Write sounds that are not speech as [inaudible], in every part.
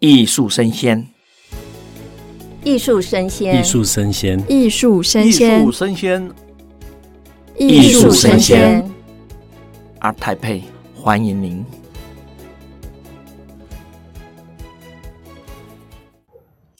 藝術聲鮮，藝術聲鮮，藝術聲鮮，藝術聲鮮，藝術聲鮮。ART TAIPEI，歡迎您！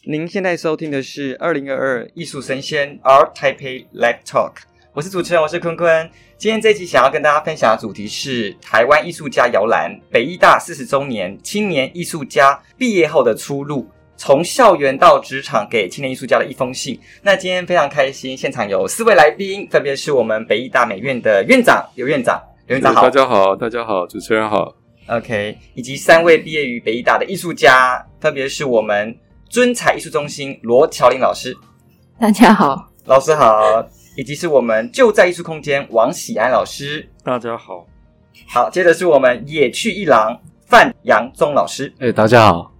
您現在收聽的是二零二二藝術聲鮮 ART TAIPEI Live Talk。我是主持人，我是坤坤。今天這期想要跟大家分享的主題是台灣藝術家搖籃北藝大四十周年，青年藝術家畢業後的出路，從校園到職場，給青年藝術家的一封信。那今天非常開心，現場有四位來賓，分別是我們北藝大美院的院長劉院長。劉院長好，大家好，大家好，主持人好，OK，以及三位畢業於北藝大的藝術家，特別是我們尊彩藝術中心羅喬綾老師，大家好，老師好。以及是我們就在藝術空間王璽安老師，大家好。好，接着是我們也趣藝廊范揚宗老師，誒、欸、大家好。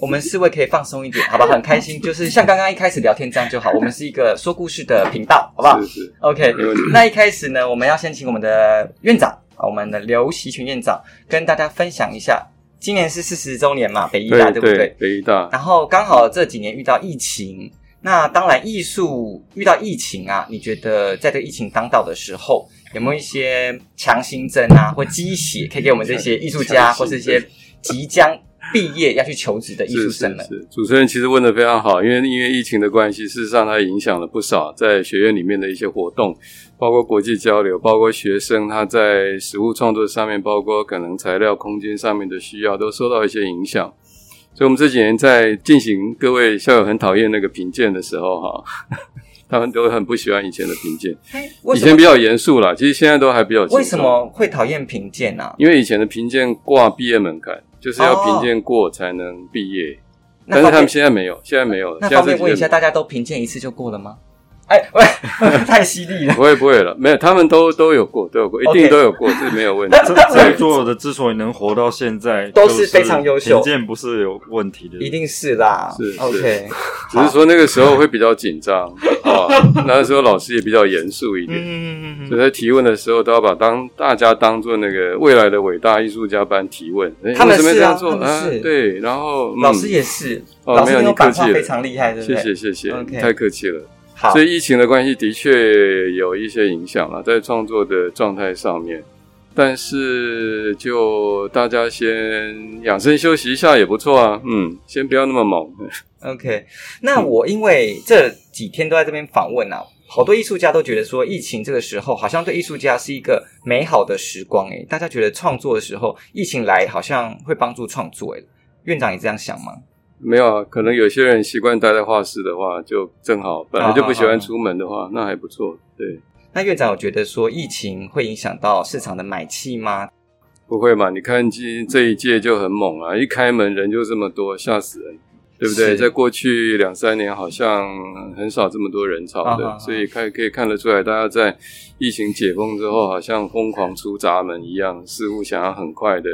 我們四位可以放鬆一點，好吧？很開心，就是像剛剛一開始聊天 [laughs] 這樣就好。我們是一個說故事的頻道，好不好？是是，OK，那一開始呢，我們要先請我們的院長，我們的劉錫權院長，跟大家分享一下，今年是四十周年嘛，北藝大對,對不對？對，北藝大。然後剛好這幾年遇到疫情。那當然，藝術遇到疫情啊，你覺得在這個疫情當道的時候，有沒有一些強心針啊，或雞血，可以給我們這些藝術家，或是一些即將畢業要去求職的藝術生們？主持人其實問得非常好，因為因為疫情的關係，事實上它影響了不少在學院裡面的一些活動，包括國際交流，包括學生他在實物創作上面，包括可能材料、空間上面的需要，都受到一些影響。所以，我們這幾年在進行各位校友很討厭那個評鑑的時候，啊，哈，他們都很不喜歡以前的評鑑，以前比較嚴肅啦，其實現在都還比較。為什麼會討厭評鑑呢，啊？因為以前的評鑑掛畢業門檻，就是要評鑑過才能畢業。哦，但是他們現在沒有，現在沒有。那方便問一下，大家都評鑑一次就過了嗎？哎餵，太犀利了！不會不會了，沒有，他們都都有過，都有過，一定都有過，這沒有問題。在座的之所以能活到現在，都是非常優秀，文件不是有問題的，一定是啦。是 OK，只是說那個時候會比較緊張啊，那個時候老師也比較嚴肅一點，嗯嗯嗯，所以在提問的時候都要把當大家當做那個未來的偉大藝術家般提問。他們是啊，是，對，然後老師也是，老師有板話非常厲害的，謝謝謝謝，太客氣了。好，所以疫情的關係的確有一些影響了，在創作的狀態上面，但是就大家先養生休息一下也不錯啊。嗯，先不要那麼猛。OK，那我因為這幾天都在這邊訪問啊，好多藝術家都覺得說，疫情這個時候好像對藝術家是一個美好的時光、欸。誒，大家覺得創作的時候，疫情來好像會幫助創作、欸？誒。院長也這樣想嗎？沒有啊，可能有些人習慣待在畫室的話，就正好本來就不喜歡出門的話，啊、好好那還不錯。對。那院長，有覺得說疫情會影響到市場的買氣嗎？不會嘛？你看今這一屆就很猛啊，一開門人就這麼多，嚇死人，對不對？是在過去兩三年好像很少這麼多人潮的，嗯啊、好好所以看可以看得出來，大家在疫情解封之後，好像瘋狂出閘門一樣，似乎想要很快的。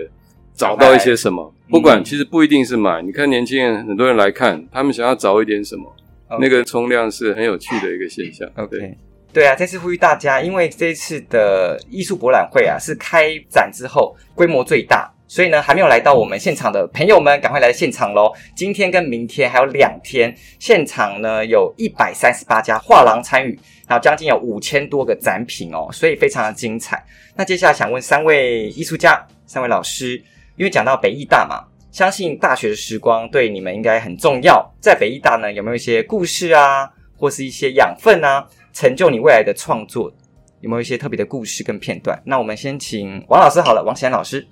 找到一些什麼？不管其實不一定是買。你看年輕人很多人來看，他們想要找一點什麼，那個衝量是很有趣的一個現象。對 okay. OK，對啊，再次呼籲大家，因為這次的藝術博覽會啊是開展之後規模最大，所以呢還沒有來到我們現場的朋友們，嗯、趕快來現場嘍！今天跟明天還有兩天，現場呢有一百三十八家畫廊參與，然後將近有五千多個展品哦，所以非常的精彩。那接下來想問三位藝術家、三位老師。因為講到北藝大嘛，相信大學的時光對你們應該很重要。在北藝大呢，有沒有一些故事啊，或是一些養分啊，成就你未來的創作？有沒有一些特別的故事跟片段？那我們先請王老師好了，王璽安老師，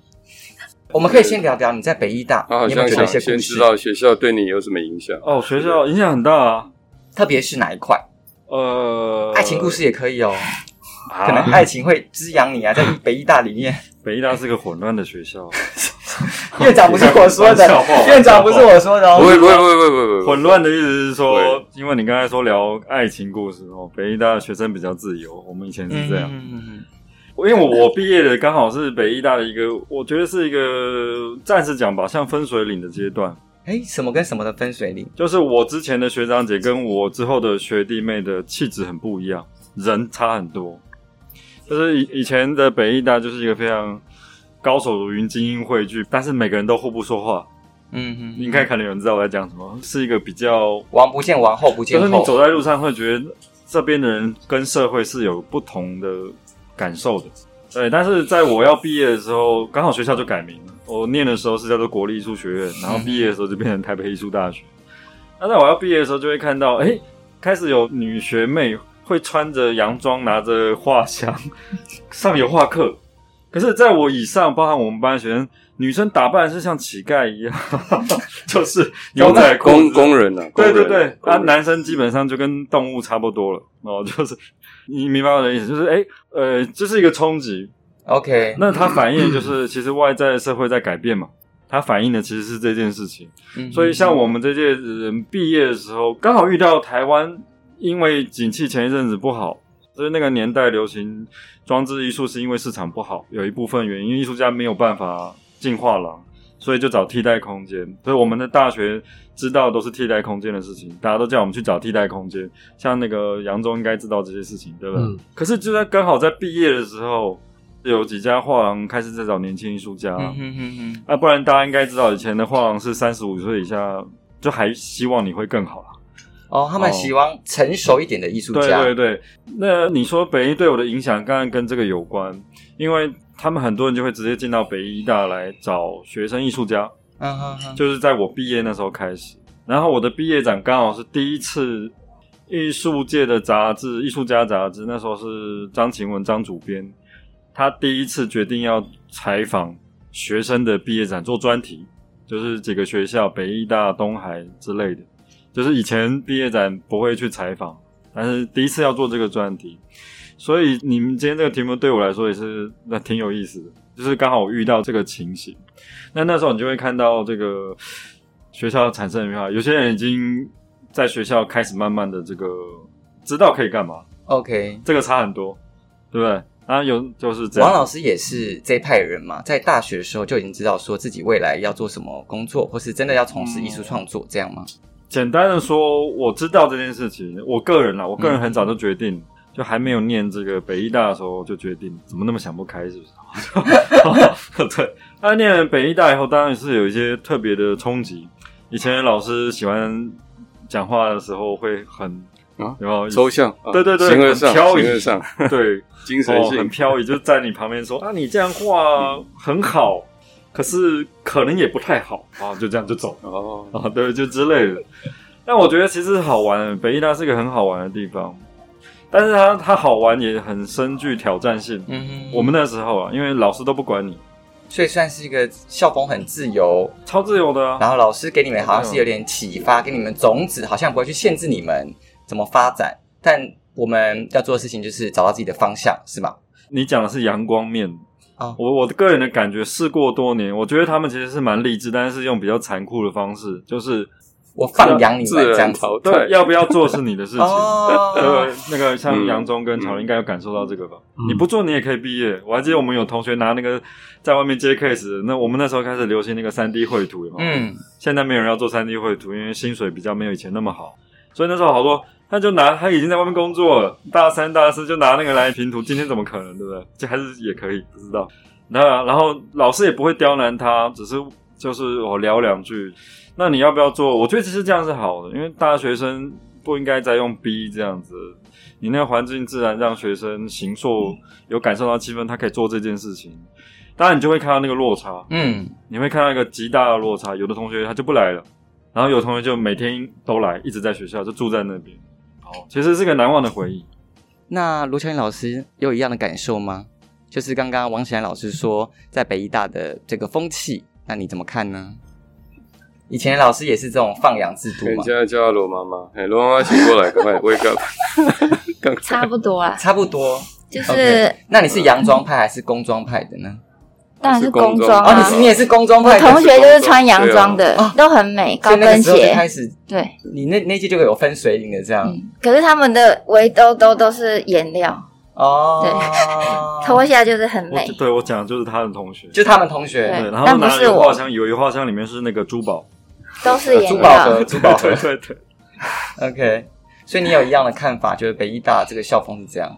我們可以先聊聊你在北藝大你有沒有一些，先知道學校對你有什麼影響？哦，學校影響很大啊，特別是哪一塊？呃，愛情故事也可以哦，啊、可能愛情會滋養你啊，在北藝大裡面。北藝大是個混亂的學校，啊。 [laughs] [laughs] 院長不是我說的，院長不是我說的，喔，哦。不會不會不會不會混亂的意思是說，了因為你剛才說聊愛情故事哦，北藝大的學生比較自由，我們以前是這樣，嗯，嗯，嗯，嗯因為我我畢業的剛好是北藝大的一個，嗯、我覺得是一個暫時講吧，像分水嶺的階段，哎、欸，什麼跟什麼的分水嶺，就是我之前的學長姐跟我之後的學弟妹的氣質很不一樣，人差很多，就是以以前的北藝大就是一個非常。高手如雲，精英匯聚，但是每個人都互不說話。嗯哼，嗯哼，應該可能有人知道我在講什麼。是一個比較王不見王、後不見後。可是你走在路上會覺得這邊的人跟社會是有不同的感受的。對，但是在我要畢業的時候，剛好學校就改名了。我念的時候是叫做國立藝術學院，然後畢業的時候就變成台北藝術大學。嗯、哼那在我要畢業的時候，就會看到，哎，開始有女學妹會穿着洋裝，拿着畫箱， [laughs] 上油畫課。可是，在我以上，包含我們班的學生，女生打扮的是像乞丐一樣，哈哈哈，就是牛仔工 [laughs] 工人吶、啊。工人啊、對對對，那人、啊、男生基本上就跟動物差不多了。哦，就是你明白我的意思，就是哎，呃，這是一個衝擊。OK，那它反映就是 [laughs] 其實外在社會在改變嘛，它反映的其實是這件事情。 [laughs] 所以，像我們這屆人畢業的時候，剛好遇到台灣因為景氣前一陣子不好。所以那個年代流行裝置藝術，是因為市場不好，有一部分原因，因為藝術家沒有辦法進畫廊，所以就找替代空間。所以我們的大學知道都是替代空間的事情，大家都叫我們去找替代空間。像那個揚宗應該知道這些事情，對不對？嗯、可是就在剛好在畢業的時候，有幾家畫廊開始在找年輕藝術家，那、嗯啊、不然大家應該知道，以前的畫廊是三十五歲以下，就還希望你會更好了、啊。哦，oh, 他們喜歡成熟一點的藝術家。Oh, 對對對，那你說北藝對我的影響，剛剛跟這個有關，因為他們很多人就會直接進到北藝大來找學生藝術家。嗯哼哼，huh huh. 就是在我畢業那時候開始，然後我的畢業展剛好是第一次藝術界的雜誌，藝術家雜誌那時候是張晴文張主編，他第一次決定要採訪學生的畢業展做專題，就是幾個學校，北藝大、東海之類的。就是以前畢業展不會去採訪，但是第一次要做這個專題，所以你們今天這個題目對我來說也是那挺有意思的。就是剛好我遇到這個情形，那那時候你就會看到這個學校產生變化，有些人已經在學校開始慢慢的這個知道可以幹嘛。OK，這個差很多，對不對？然後有就是這樣。王老師也是這一派人嘛，在大學的時候就已經知道說自己未來要做什麼工作，或是真的要從事藝術創作這樣嗎？嗯簡單的說，我知道這件事情。我個人啦，我個人很早就決定，嗯、就還沒有念這個北藝大的時候就決定，怎麼那麼想不開，是不是？ [laughs] [laughs] [laughs] 對。那念了北藝大以後，當然是有一些特別的衝擊。以前老師喜歡講話的時候會很啊，然後、嗯、抽象？對對對，形而上、很飄移、形而上， [laughs] 對，精神性、哦、很飄移，就在你旁邊說 [laughs] 啊，你這樣畫很好。嗯可是可能也不太好 [laughs] 啊，就這樣就走了 [laughs] 啊，對，就之類的。 [laughs] 但我覺得其實好玩，北藝大是一個很好玩的地方。但是它它好玩也很深具挑戰性。嗯哼哼，我們那時候啊，因為老師都不管你，所以算是一個校風很自由、超自由的、啊。然後老師給你們好像是有點啟發，哦、給你們種子，好像不會去限制你們怎麼發展。但我們要做的事情就是找到自己的方向，是嗎？你講的是陽光面。Oh, 我我的個人的感覺，事過多年，對我覺得他們其實是蠻勵志，但是用比較殘酷的方式，就是我放養你，這樣投對， [laughs] 對，要不要做是你的事情。Oh, 對，對，對。那個像揚宗跟喬綾應該有感受到這個吧？嗯嗯、你不做你也可以畢業。我還記得我們有同學拿那個在外面接 case，那我們那時候開始流行那個三 D 繪圖有沒有，嗯，現在沒有人要做三 D 繪圖，因為薪水比較沒有以前那麼好，所以那時候好多。他就拿，他已經在外面工作了，大三大四就拿那個來評圖，今天怎麼可能，對不對？這還是也可以，不知道。那然後老師也不會刁難他，只是就是我聊兩句。那你要不要做？我覺得其實這樣是好的，因為大學生不應該再用逼這樣子。你那個環境自然讓學生形受，嗯、有感受到氣氛，他可以做這件事情。當然你就會看到那個落差，嗯，你會看到一個極大的落差。有的同學他就不來了，然後有同學就每天都來，一直在學校，就住在那邊。其實是個難忘的回憶。那羅喬綾老師有一樣的感受嗎？就是剛剛王璽安老師說在北藝大的這個風氣，那你怎麼看呢？以前老師也是這種放養制度嘛。現在叫羅媽媽，哎，羅媽媽醒過來，趕快 wake up 差不多啊，差不多。就是，okay. 那你是洋裝派還是工裝派的呢？ [laughs] 當然是工裝哦。你你也是工裝派，同學就是穿洋裝的，都很美，高跟鞋開始。對，你那那季就有分水嶺的這樣。可是他們的圍兜兜都是顏料哦，對，脫下就是很美。對我講的就是他們同學，就他們同學，對，然後拿一個畫有以為畫像裡面是那個珠寶，都是顏料，珠寶和珠寶，對對對。OK，所以你有一樣的看法，就是北藝大這個校風是這樣。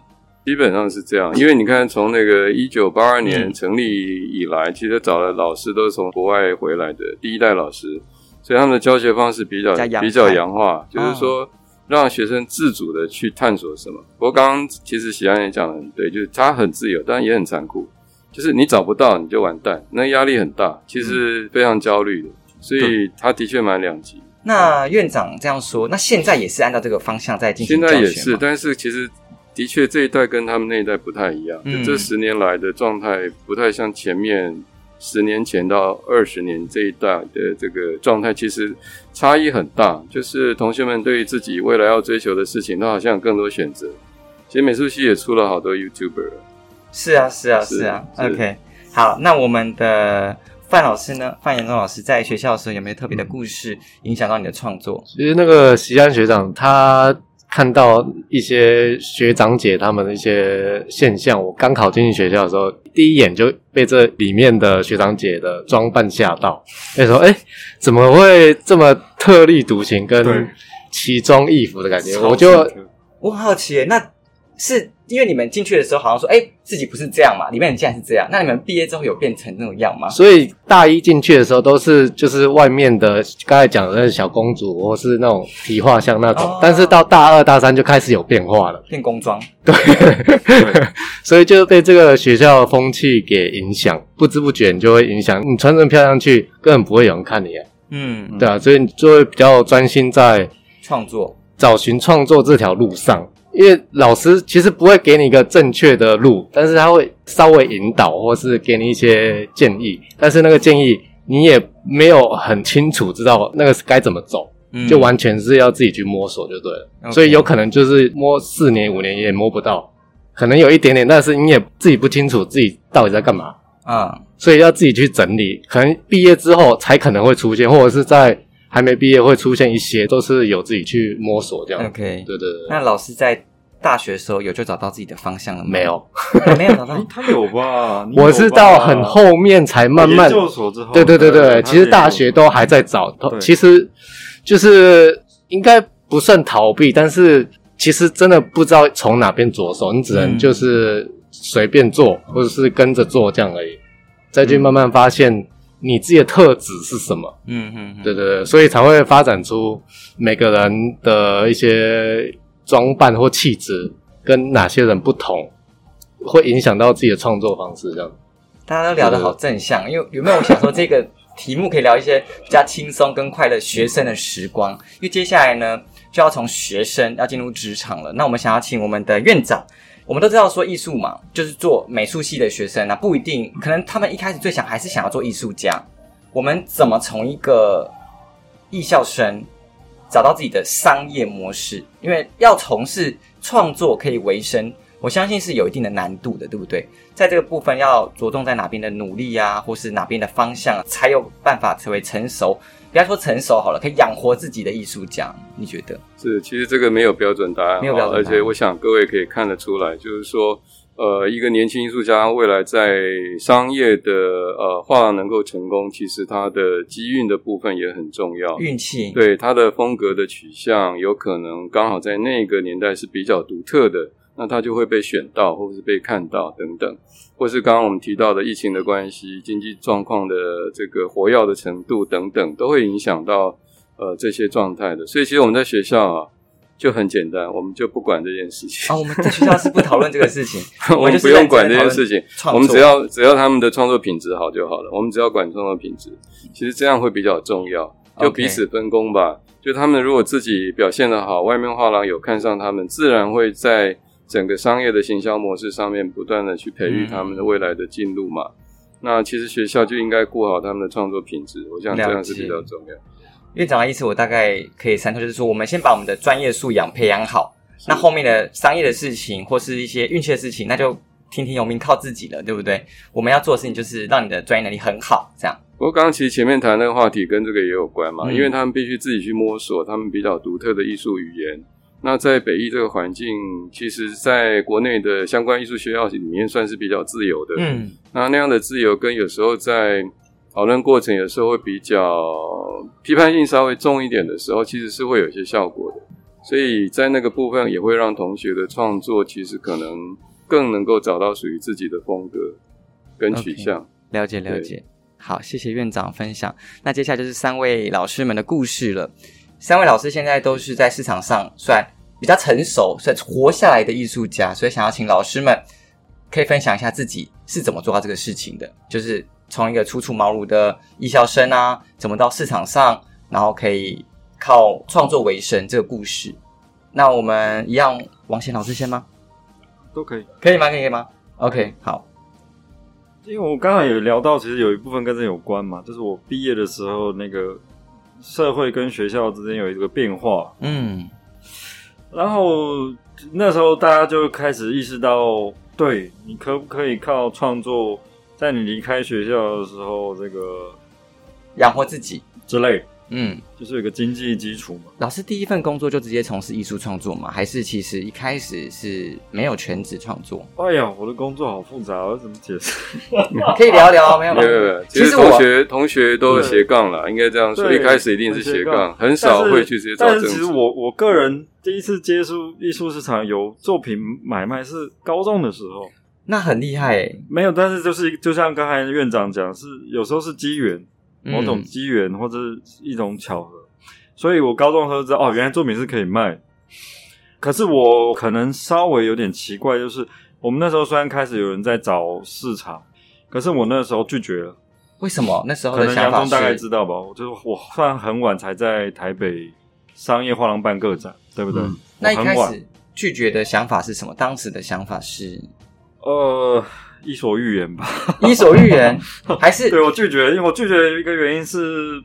基本上是這樣，因為你看，從那個一九八二年成立以來，嗯、其實找了老師都是從國外回來的、嗯、第一代老師，所以他們的教學方式比較比較,比較洋化，哦、就是說讓學生自主的去探索什麼。不過剛剛其實璽安也講的很對，就是他很自由，但也很殘酷，就是你找不到你就完蛋，那壓力很大，其實非常焦慮的，所以他的確蠻兩極。那院長這樣說，那現在也是按照這個方向在進行教學，現在也是，但是其實。的確，這一代跟他們那一代不太一樣。嗯、這十年來的狀態不太像前面十年前到二十年這一代的這個狀態，其實差異很大。就是同學們對於自己未來要追求的事情，都好像有更多選擇。其實美術系也出了好多 YouTuber 了。是啊，是啊，是，是啊。是啊 OK，好，那我們的范老師呢？范揚宗老師在學校的時候有沒有特別的故事影響到你的創作？嗯、其實那個璽安學長他。看到一些學長姐他們的一些現象，我剛考進去學校的時候，第一眼就被這裡面的學長姐的裝扮嚇到。那時候，哎、欸，怎麼會這麼特立獨行、跟奇裝異服的感覺？對我就我很好奇、欸、那。是因為你們進去的時候好像說，哎、欸，自己不是這樣嘛？裡面很像是這樣。那你們畢業之後有變成那種樣嗎？所以大一進去的時候都是就是外面的，剛才講的那小公主，或是那種提畫像那種。哦、但是到大二大三就開始有變化了，變工裝。對， [laughs] 對，所以就被這個學校的風氣給影響，不知不覺你就會影響。你穿這麼漂亮去，根本不會有人看你啊。嗯，嗯，對啊，所以你就會比較專心在創作，找尋創作這條路上。因為老師其實不會給你一個正確的路，但是他會稍微引導，或是給你一些建議。但是那個建議你也沒有很清楚知道那個該怎麼走，嗯、就完全是要自己去摸索就對了。Okay. 所以有可能就是摸四年五年也摸不到，可能有一點點，但是你也自己不清楚自己到底在幹嘛啊，uh. 所以要自己去整理，可能畢業之後才可能會出現，或者是在。還沒畢業會出現一些，都是有自己去摸索這樣。OK，對對對。那老師在大學時候有就找到自己的方向了沒有？沒有，沒有找到。他有吧？我是到很後面才慢慢摸索之後。對對對對，其實大學都還在找，其實就是應該不算逃避，但是其實真的不知道從哪邊着手，你只能就是隨便做或者是跟着做這樣而已，再去慢慢發現。你自己的特質是什麼？嗯嗯，對對對，所以才會發展出每個人的一些裝扮或氣質，跟哪些人不同，會影響到自己的創作方式。這樣，大家都聊得好正向。就是、因為有沒有我想說，這個題目可以聊一些比較輕鬆跟快樂學生的時光。嗯、因為接下來呢，就要從學生要進入職場了。那我們想要請我們的院長。我們都知道，說藝術嘛，就是做美術系的學生啊，不一定，可能他們一開始最想還是想要做藝術家。我們怎麼從一個藝校生找到自己的商業模式？因為要從事創作可以維生，我相信是有一定的難度的，對不對？在這個部分要着重在哪邊的努力呀、啊，或是哪邊的方向，才有辦法成為成熟。不要說成熟好了，可以養活自己的藝術家，你覺得？是，其實這個沒有標準答案，沒有標準答案。而且我想各位可以看得出來，就是說，呃，一個年輕藝術家未來在商業的呃畫能夠成功，其實他的機運的部分也很重要，運氣。對，他的風格的取向，有可能剛好在那個年代是比較獨特的。那他就會被選到，或者是被看到等等，或是剛剛我們提到的疫情的關係、經濟狀況的這個活躍的程度等等，都會影響到呃這些狀態的。所以其實我們在學校啊，就很簡單，我們就不管這件事情啊、哦。我們在學校是不討論這個事情， [laughs] 我們不用管這件事情。我們只要，我們只要，只要他們的創作品質好就好了，我們只要管創作品質。其實這樣會比較重要，就彼此分工吧。Okay. 就他們如果自己表現得好，外面畫廊有看上他們，自然會在。整個商業的行銷模式上面，不斷的去培育他們的未來的進入嘛。嗯、那其實學校就應該顧好他們的創作品質，我想這樣是比較重要。院長的意思我大概可以參透，就是說我們先把我們的專業素養培養好，是那後面的商業的事情或是一些運氣的事情，那就聽天由命靠自己了，對不對？我們要做的事情就是讓你的專業能力很好。這樣。不過剛剛其實前面談那個話題跟這個也有關嘛，嗯、因為他們必須自己去摸索他們比較獨特的藝術語言。那在北藝這個環境，其實在國內的相關藝術學校裡面算是比較自由的。嗯，那那樣的自由跟有時候在討論過程，有時候會比較批判性稍微重一點的時候，其實是會有一些效果的。所以在那個部分，也會讓同學的創作其實可能更能夠找到屬於自己的風格跟取向。了解、okay, 了解，了解對好，謝謝院長分享。那接下來就是三位老師們的故事了。三位老師現在都是在市場上算比較成熟，算活下來的藝術家，所以想要請老師們可以分享一下自己是怎麼做到這個事情的，就是從一個初出，出茅廬的藝校生啊，怎麼到市場上，然後可以靠創作為生這個故事。那我們一樣，王璽安老師先嗎？都可以，可以嗎？可以，可以嗎？OK，好。因為我剛剛有聊到，其實有一部分跟這有關嘛，就是我畢業的時候那個。社會跟學校之間有一個變化，嗯，然後那時候大家就開始意識到，對，你可不可以靠創作，在你離開學校的時候，這個養活自己之類。嗯，就是有個經濟基礎嘛。老師第一份工作就直接從事藝術創作嗎？還是其實一開始是沒有全職創作？哎呀，我的工作好複雜，我要怎麼解釋？ [laughs] [laughs] 可以聊聊， [laughs] 沒有沒有。其實同學同學都斜槓了，應該這樣說。對一開始一定是斜槓，是很少會去直接。但是其實我我個人第一次接觸藝術市場有作品買賣是高中的時候，那很厲害，欸。沒有，但是就是就像剛才院長講，是有時候是機緣。某種機緣、嗯、或者是一種巧合，所以我高中的時候知道哦，原來作品是可以賣。可是我可能稍微有點奇怪，就是我們那時候雖然開始有人在找市場，可是我那時候拒絕了。為什麼？那時候的想法？揚宗大概知道吧？就是我算很晚才在台北商業畫廊辦個展，對不對？我很晚，那一開始拒絕的想法是什麼？當時的想法是，呃。伊索寓言吧，一所欲言，伊索寓言還是？對，我拒絕，因為我拒絕的一個原因是，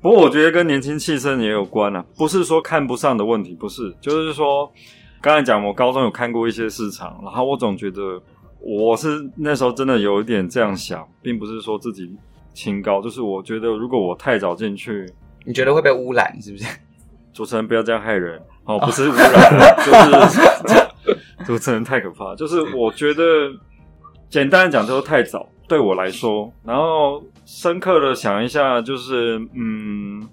不過我覺得跟年輕氣盛也有關啊，不是說看不上的問題，不是，就是說剛才講，我高中有看過一些市場，然後我總覺得我是那時候真的有一點這樣想，並不是說自己清高，就是我覺得如果我太早進去，你覺得會被污染，是不是？主持人不要這樣害人哦，不是污染，哦、就是 [laughs] 主持人太可怕，就是我覺得。簡單的講就是太早對我來說，然後深刻的想一下，就是嗯，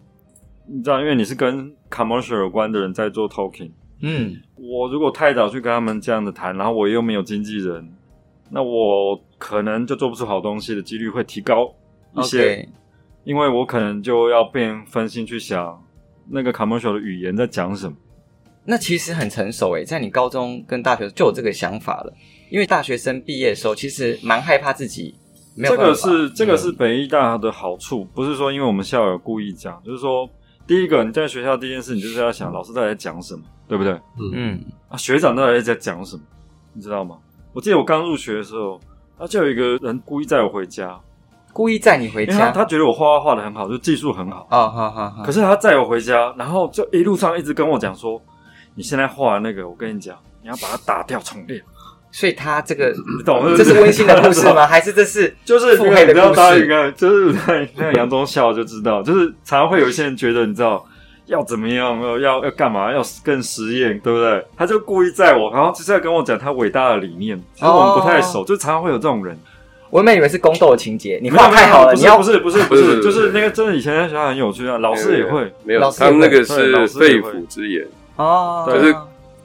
你知道，因為你是跟 commercial 有關的人在做 talking，嗯，我如果太早去跟他們這樣子談，然後我又沒有經紀人，那我可能就做不出好東西的幾率會提高一些，Okay 因為我可能就要變分心去想那個 commercial 的語言在講什麼。那其實很成熟誒、欸，在你高中跟大學就有這個想法了。因為大學生畢業的時候，其實蠻害怕自己沒有這。這個是這個是北藝大的好處，嗯、不是說因為我們校友故意講，就是說，第一個你在學校的第一件事，你就是要想老師到底在講什麼，對不對？嗯嗯。啊，學長在在講什麼，你知道嗎？我記得我剛入學的時候，他、啊、就有一個人故意載我回家，故意載你回家他，他覺得我畫畫畫得很好，就技術很好啊、哦，好好好。好，可是他載我回家，然後就一路上一直跟我講說，嗯、你現在畫的那個，我跟你講，你要把它打掉重練。所以他這個，你懂這是溫馨的故事嗎？還是這是就是腹黑的故事？不要答應，就是那個楊宗笑就知道，就是常常會有一些人覺得你知道要怎麼樣，要要要幹嘛，要更實驗，對不對？他就故意在我，然後就是在跟我講他偉大的理念，其實我們不太熟，就常常會有這種人。我原本以為是宮鬥情節，你畫太好了。你要不是不是不是，就是那個真的以前在學校很有趣啊，老師也會沒有，他們那個是肺腑之言。對。就是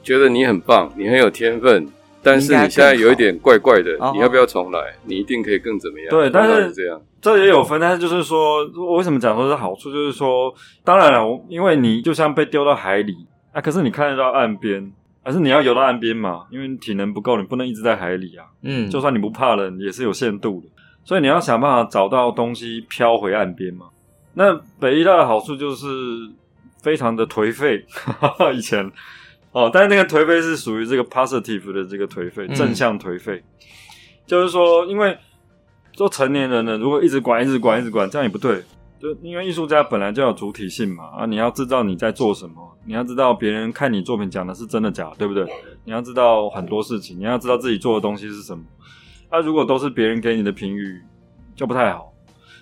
覺得你很棒，你很有天分。但是你現在有一點怪怪的，你要，你要不要重來？哦哦，你一定可以更怎麼樣？對，然但是這樣這也有分。但是就是說，我為什麼講說是好處？就是說，當然了，因為你就像被丟到海裡啊，可是你看得到岸邊，還是你要游到岸邊嘛？因為體能不夠，你不能一直在海裡啊。嗯，就算你不怕冷，也是有限度的。所以你要想辦法找到東西漂回岸邊嘛。那北藝大的好處就是非常的頹廢， [laughs] 以前。哦，但是那個頹廢是屬於這個 positive 的這個頹廢，嗯、正向頹廢，就是說，因為做成年人的，如果一直管、一直管、一直管，這樣也不對。就因為藝術家本來就有主體性嘛，啊，你要知道你在做什麼，你要知道別人看你作品講的是真的假，對不對？你要知道很多事情，你要知道自己做的東西是什麼。那、啊、如果都是別人給你的評語，就不太好。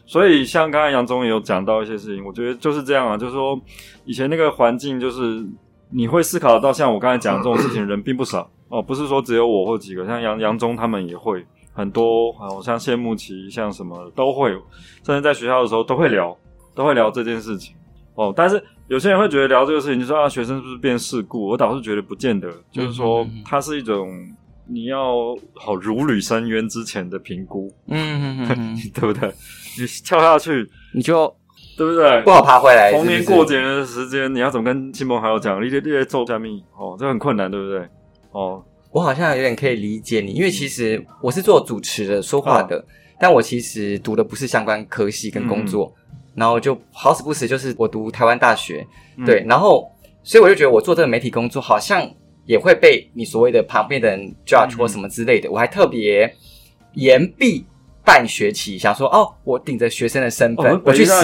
所以像剛才揚宗也有講到一些事情，我覺得就是這樣啊，就是說以前那個環境就是。你會思考到像我剛才講這種事情，人並不少哦，不是說只有我或幾個，像楊楊忠他們也會，很多，還、哦、像謝牧岐，像什麼都會，甚至在學校的時候都會聊，都會聊這件事情哦。但是有些人會覺得聊這個事情、就是，就說啊，學生是不是變世故？我倒是覺得不見得，嗯、就是說它是一種你要好如履深淵之前的評估，嗯嗯嗯，嗯嗯 [laughs] 對不對？你跳下去，你就。對不對？不好爬回來。逢年過節的時間，是是你要怎麼跟親朋好友講？你得，你得做加密，哦，這很困難，對不對？哦，我好像有點可以理解你，因為其實我是做主持的，說話的，嗯、但我其實讀的不是相關科系跟工作，嗯、然後就好死不死就是我讀台灣大學，嗯、對，然後所以我就覺得我做這個媒體工作，好像也會被你所謂的旁邊的人 judge、嗯、或什麼之類的，我還特別言弊。半學期一下說哦，我頂着學生的身份，哦、我去實習。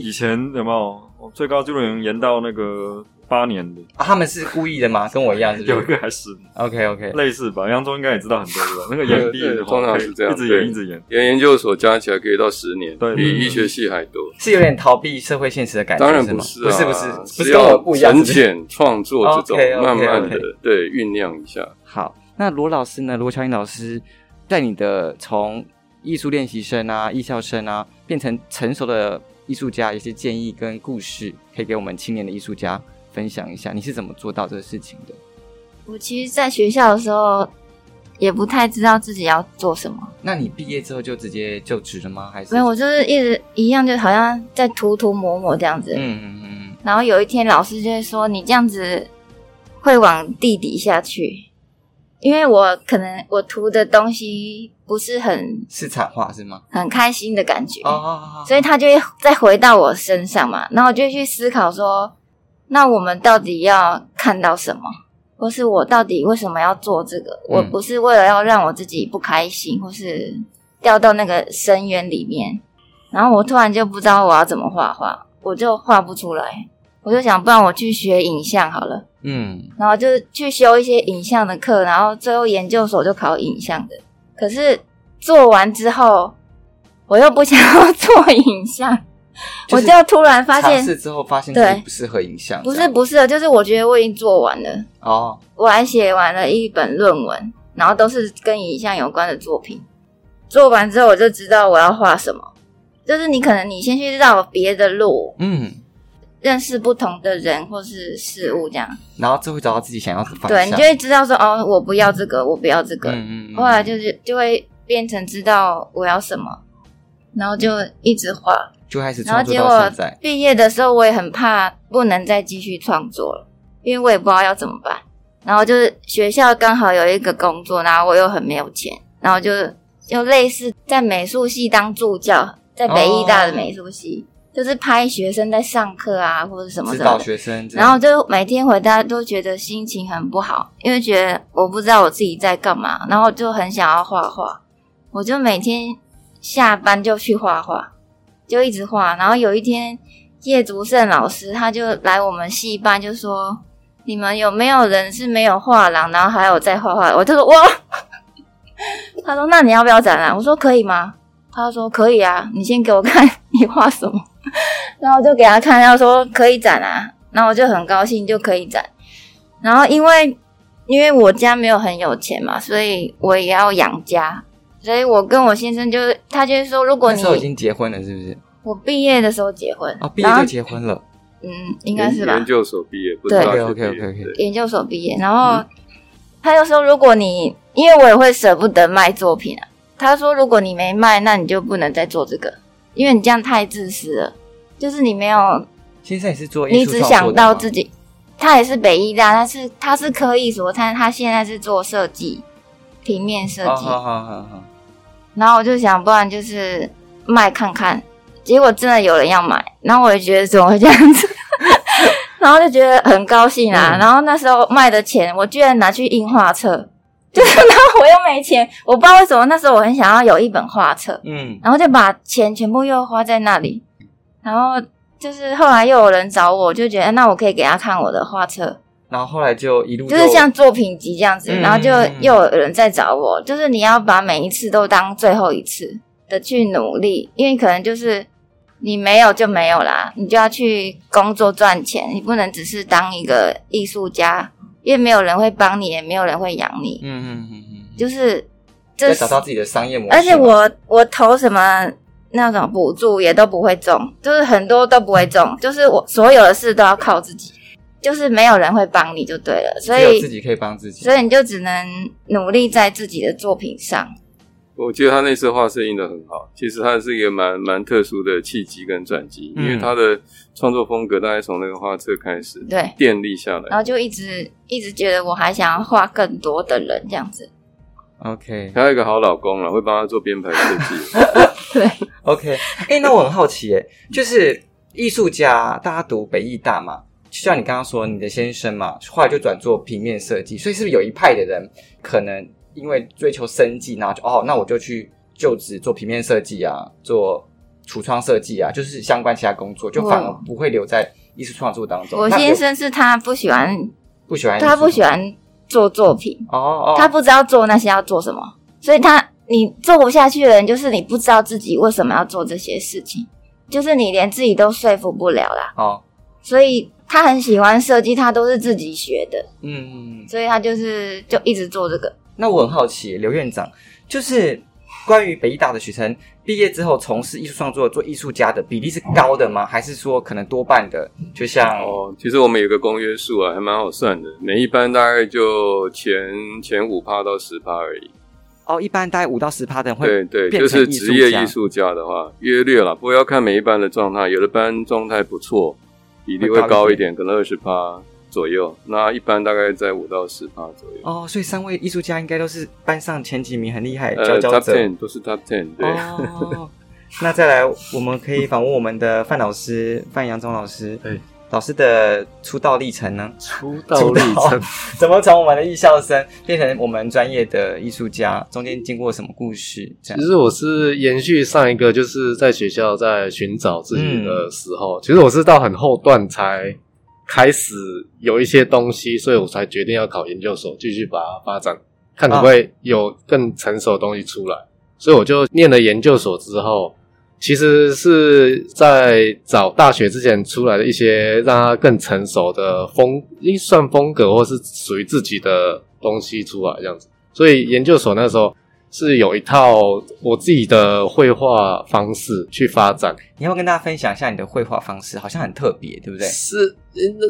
以前有沒有最高紀錄能延到那個八年的？啊？他們是故意的嗎？跟我一樣是不是， [laughs] 有一個還是 OK OK 類似吧。揚宗應該也知道很多吧？ [laughs] 那個延畢的通常是這樣，一直延，一直延。延研究所加起來可以到十年，比醫學系還多，是有點逃避社會現實的感覺嗎。當然不是、啊，不是不是，不是跟我不一樣，深淺創作這種 okay, okay, okay. 慢慢的，對醞釀一下。好，那羅老師呢？羅喬綾老師在你的從。藝術練習生啊，藝校生啊，變成成,成熟的藝術家，一些建議跟故事可以給我們青年的藝術家分享一下，你是怎麼做到這個事情的？我其實，在學校的時候，也不太知道自己要做什麼。那你畢業之後就直接就職了嗎？還是沒有？我就是一直一樣，就好像在塗塗抹抹,抹這樣子。嗯嗯嗯。嗯嗯然後有一天，老師就會說：“你這樣子會往地底下去。”因為我可能我塗的東西不是很市場化，是嗎？很開心的感覺，所以他就會再回到我身上嘛。然後我就去思考說，那我們到底要看到什麼，或是我到底為什麼要做這個？嗯、我不是為了要讓我自己不開心，或是掉到那個深淵裡面。然後我突然就不知道我要怎麼畫畫，我就畫不出來。我就想，不然我去學影像好了。嗯，然後就去修一些影像的課，然後最後研究所就考影像的。可是做完之後，我又不想要做影像，就是我就突然發現，是之後發現自己不適合影像。不是不是的，就是我覺得我已經做完了。哦，我還寫完了一本論文，然後都是跟影像有關的作品。做完之後，我就知道我要畫什麼。就是你可能你先去繞別的路，嗯。認識不同的人或是事物，這樣，然後就會找到自己想要的。對，你就會知道說，哦，我不要這個，嗯、我不要這個。嗯嗯嗯、後來就是就會變成知道我要什麼，然後就一直畫，就開始創作。然後結果畢業的時候，我也很怕不能再繼續創作了，因為我也不知道要怎麼辦。然後就是學校剛好有一個工作，然後我又很沒有錢，然後就是又類似在美術系當助教，在北藝大的美術系。哦就是拍學生在上課啊，或者什,什麼的，學生，對，然後就每天回家都覺得心情很不好，因為覺得我不知道我自己在幹嘛，然後就很想要畫畫，我就每天下班就去畫畫，就一直畫。然後有一天，葉竹盛老師他就來我們系班，就說：“你們有沒有人是沒有畫廊，然後還有在畫畫？”我就說：“哇。 [laughs] 他說：“那你要不要展覽啊？”我說：“可以嗎？”他說：“可以啊，你先給我看你畫什麼。” [laughs] 然後就給他看，他說可以展啊，然後我就很高興，就可以展。然後因為因為我家沒有很有錢嘛，所以我也要養家，所以我跟我先生就是，他就是說，如果你我已經結婚了，是不是？我畢業的時候結婚啊，畢業就結婚了，嗯，應該是吧。研究所畢業，不知道畢業對，對，OK OK OK。研究所畢業，然後，嗯，他又說，如果你因為我也會舍不得賣作品啊，他說如果你沒賣，那你就不能再做這個。因為你這樣太自私了，就是你沒有。先生也是做、做，你只想到自己。他也是北藝大，但是他是科藝所，但他他現在是做設計，平面設計。好好好。然後我就想，不然就是賣看看，結果真的有人要買，然後我就覺得怎麼會這樣子， [laughs] 然後就覺得很高興啦、啊。對然後那時候賣的錢，我居然拿去印畫冊。就是，然後我又沒錢，我不知道為什麼那時候我很想要有一本畫冊，嗯，然後就把錢全部又花在那裡，然後就是後來又有人找我，就覺得那我可以給他看我的畫冊，然後後來就一路就是像作品集這樣子，嗯，然後就又有人在找我，就是你要把每一次都當最後一次的去努力，因為可能就是你沒有就沒有啦，你就要去工作賺錢，你不能只是當一個藝術家。因為沒有人會幫你，也沒有人會養你。嗯嗯嗯嗯，就是，這是，要找到自己的商業模式。而且我我投什麼那種補助也都不會中，就是很多都不會中，就是我所有的事都要靠自己，就是沒有人會幫你就對了。所以只有自己可以幫自己，所以你就只能努力在自己的作品上。我覺得他那次畫冊印得很好。其實他是一個蠻蠻特殊的契機跟轉機，嗯、因為他的創作風格大概從那個畫冊開始，對，建立下來，然後就一直一直覺得我還想要畫更多的人這樣子。OK，他有一個好老公啦，會幫他做編排設計。 [laughs] 對，OK，哎、欸，那我很好奇，哎，就是藝術家、啊，大家讀北藝大嘛，就像你剛剛說，你的先生嘛，畫就轉做平面設計，所以是不是有一派的人可能，因為追求生計，然後就哦，那我就去就職做平面設計啊，做櫥窗設計啊，就是相關其他工作，就反而不會留在藝術創作當中。Oh. 我，我先生是他不喜歡，不喜歡，他不喜歡做作品哦，oh, oh. 他不知道做那些要做什麼，所以他你做不下去的人，就是你不知道自己為什麼要做這些事情，就是你連自己都說服不了啦。哦，oh. 所以他很喜歡設計，他都是自己學的，嗯，oh. 所以他就是就一直做這個。那我很好奇，劉院長，就是關於北藝大的學生畢業之後從事藝術創作、做藝術家的比例是高的嗎？還是說可能多半的？就像哦，其實我們有個公約數啊，還蠻好算的，每一班大概就前前五趴到十趴而已。哦，一般大概五到十趴的人會對對，就是職業藝術家的話，約略啦。不過要看每一班的狀態，有的班狀態不錯，比例會高一點，一點可能二十趴。左右，那一般大概在五到十八左右。哦，所以三位藝術家應該都是班上前幾名，很厲害，呃、佼佼者。Top 10, 都是 top ten，對。哦。 [laughs] 那再來，我們可以訪問我們的范老師、范揚宗老師，對老師的出道歷程呢？出道歷程，出道怎麼從我們的藝校生變成我們專業的藝術家？中間經過什麼故事？這樣，其實我是延續上一個，就是在學校在尋找自己的時候，嗯、其實我是到很後段才。開始有一些東西，所以我才決定要考研究所，繼續把它發展，看可不可以有更成熟的東西出來。啊、所以我就念了研究所之後，其實是在找大學之前出來的一些讓它更成熟的風，一算風格或是屬於自己的東西出來這樣子。所以研究所那時候。是有一套我自己的繪畫方式去發展，你要不要跟大家分享一下你的繪畫方式？好像很特別，對不對？是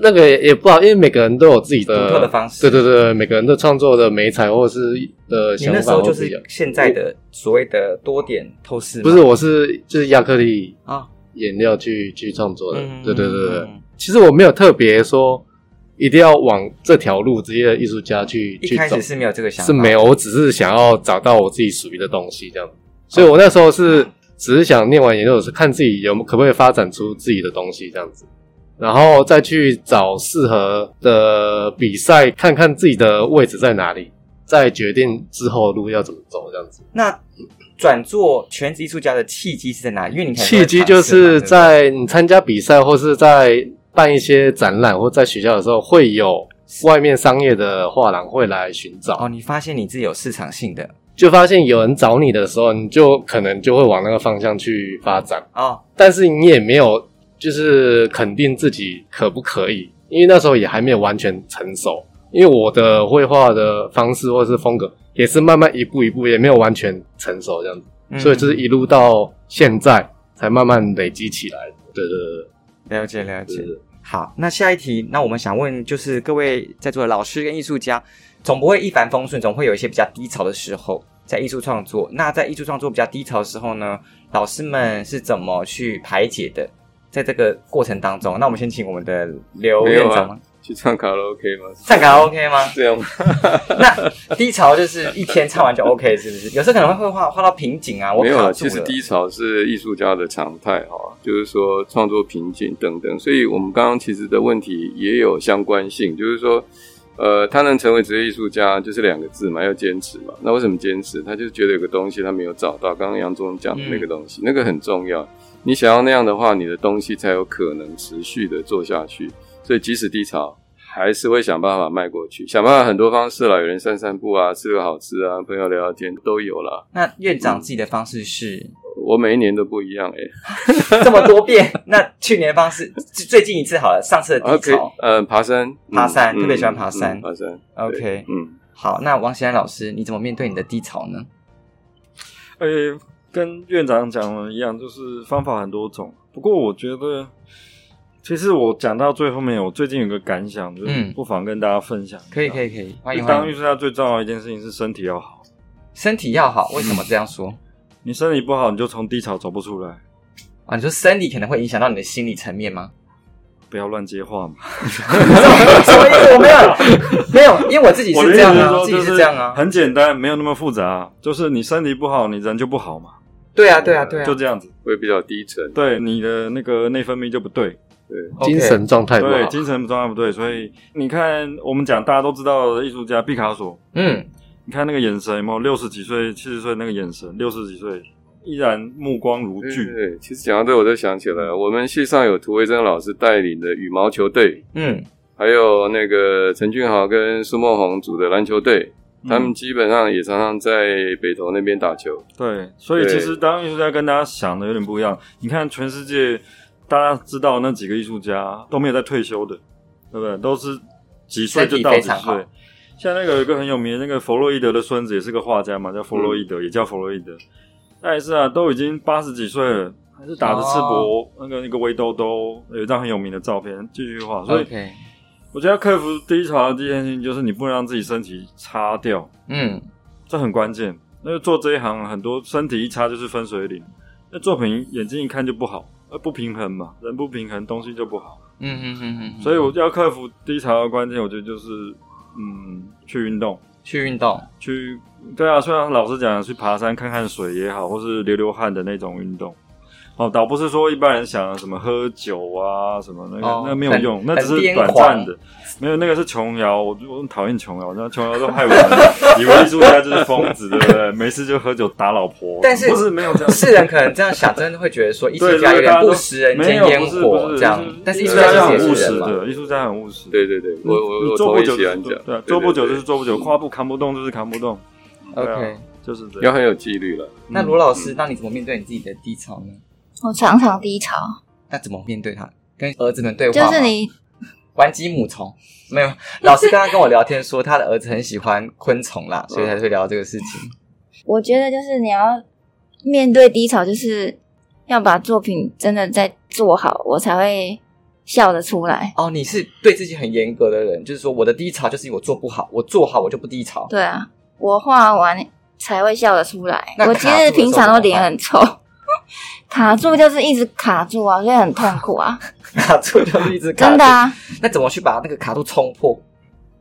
那個也不好，因為每個人都有自己的獨特的方式。對對對，每個人都創作的媒材，或者是呃想法，你那時候就是現在的所謂的多點透視，不是？我是就是亞克力啊顏料去、哦、去創作的。對對對對，對，嗯、其實我沒有特別說。一定要往這條路，這些藝術家去去走。一開始是沒有這個想法，是沒有，我只是想要找到我自己屬於的東西這樣子。哦、所以我那時候是只是想念完研究所，是看自己有，有可不可以發展出自己的東西這樣子，然後再去找適合的比賽，看看自己的位置在哪裡，再決定之後的路要怎麼走這樣子。那轉做全職藝術家的契機是在哪裡？因為你看契機就是在你參加比賽或是在。辦一些展覽，或在學校的時候會有外面商業的畫廊會來尋找。哦，你發現你自己有市場性的，就發現有人找你的時候，你就可能就會往那個方向去發展啊。但是你也沒有就是肯定自己可不可以，因為那時候也還沒有完全成熟。因為我的繪畫的方式或者是風格也是慢慢一步一步，也沒有完全成熟這樣子，所以就是一路到現在才慢慢累積起來的。對對對。了解了解，了解。好，那下一題，那我們想問就是各位在座的老師跟藝術家，總不會一帆風順，總會有一些比較低潮的時候在藝術創作。那在藝術創作比較低潮的時候呢，老師們是怎麼去排解的？在這個過程當中，那我們先請我們的劉院長嗎？去唱卡拉 OK 嗎？唱卡拉 OK 嗎？這樣嗎？ [laughs] 那低潮就是一天唱完就 OK，是不是？ [laughs] 有時候可能會畫畫到瓶頸啊。我了沒有，其實低潮是藝術家的常態哈，就是說，創作瓶頸等等。所以我們剛剛其實的問題也有相關性，就是說，呃，他能成為職業藝術家就是兩個字嘛，要堅持嘛。那為什麼堅持？他就是覺得有個東西他沒有找到。剛剛楊宗講的那個東西，嗯、那個很重要。你想要那樣的話，你的東西才有可能持續的做下去。對，即使低潮，還是會想辦法邁過去。想辦法很多方式了，有人散散步啊，吃個好吃啊，朋友聊聊天都有了。那院長自己的方式是？嗯、我每一年都不一樣哎，欸、 [laughs] 這麼多變。 [laughs] 那去年的方式，最近一次好了，上次的低潮，啊 okay, 呃、爬嗯爬山，爬山，特別喜歡爬山，嗯、爬山。OK，嗯，好。那王璽安老師，你怎麼面對你的低潮呢？呃、欸，跟院長講的一樣，就是方法很多種。不過我覺得。其實我講到最後面，我最近有個感想，就是不妨跟大家分享一下。可以，可以，可以，可以。當藝術家最重要的一件事情是身體要好，身體要好。為什麼這樣說？你身體不好，你就從低潮走不出來啊！你說身體可能會影響到你的心理層面嗎？不要亂接話嘛！什麼意思？我沒有，沒有，因為我自己是這樣，自己是這樣啊。很簡單，沒有那麼複雜，就是你身體不好，你人就不好嘛。對啊，對啊，對啊，就這樣子，會比較低沉。對，你的那個內分泌就不對。對，okay, 精神狀態不對，精神狀態不對，所以你看，我們講大家都知道的藝術家畢卡索，嗯，你看那個眼神，有沒有六十幾歲、七十歲那個眼神？六十幾歲依然目光如炬。對，對，其實講到這，我就想起來了，我們系上有涂維珍老師帶領的羽毛球隊，嗯，還有那個陳俊豪跟蘇夢紅組的籃球隊，他們基本上也常常在北投那邊打球。嗯、對，所以其實當藝術家跟大家想的有點不一樣。對你看全世界，大家知道那幾個藝術家都沒有在退休的，對不對？都是幾歲就到幾歲。像那個有一個很有名的那個弗洛伊德的孫子，也是個畫家嘛，叫弗洛伊德，嗯、也叫弗洛伊德。但是啊，都已經八十幾歲了，還是打着赤膊，哦、那個那個圍兜兜，有一張很有名的照片，繼續畫。所以我覺得克服低潮的第一件事情就是你不能讓自己身體差掉。嗯，這很關鍵。因為做這一行，很多身體一差就是分水嶺，那作品眼睛一看就不好。呃，不平衡嘛，人不平衡，東西就不好。嗯嗯嗯嗯。所以我就要克服低潮的關鍵，我覺得就是，嗯，去運動，去運動，去，對啊，雖然老師講的，去爬山看看水也好，或是流流汗的那種運動。哦，倒不是說一般人想什麼喝酒啊，什麼那個，那沒有用，那只是短暫的。沒有那個是瓊瑤，我我討厭瓊瑤，那瓊瑤都害我，以為藝術家就是瘋子，對不對？沒事就喝酒打老婆。但是不是沒有這樣，世人可能這樣想，真的會覺得說藝術家有點不識人間煙火這樣。但是藝術家很務實的，藝術家很務實。對對對，我我我做不久，對，做不久就是做不久，跨步扛不動就是扛不動。OK，就是這樣，又很有紀律了。那羅老師，那你怎麼面對你自己的低潮呢？我常常低潮，那怎麼面對他，跟兒子們對話嗎？就是你玩雞母蟲沒有？老師剛剛跟我聊天說， [laughs] 他的兒子很喜歡昆蟲啦，所以才會聊這個事情。我覺得就是你要面對低潮，就是要把作品真的在做好，我才會笑得出來。哦，你是對自己很嚴格的人，就是說我的低潮就是因為我做不好，我做好我就不低潮。對啊，我畫完才會笑得出來。那你 我其實平常都臉很臭。卡住就是一直卡住啊，所以很痛苦啊。 [laughs] 卡住就是一直卡住真的啊。那怎麼去把那個卡住衝破？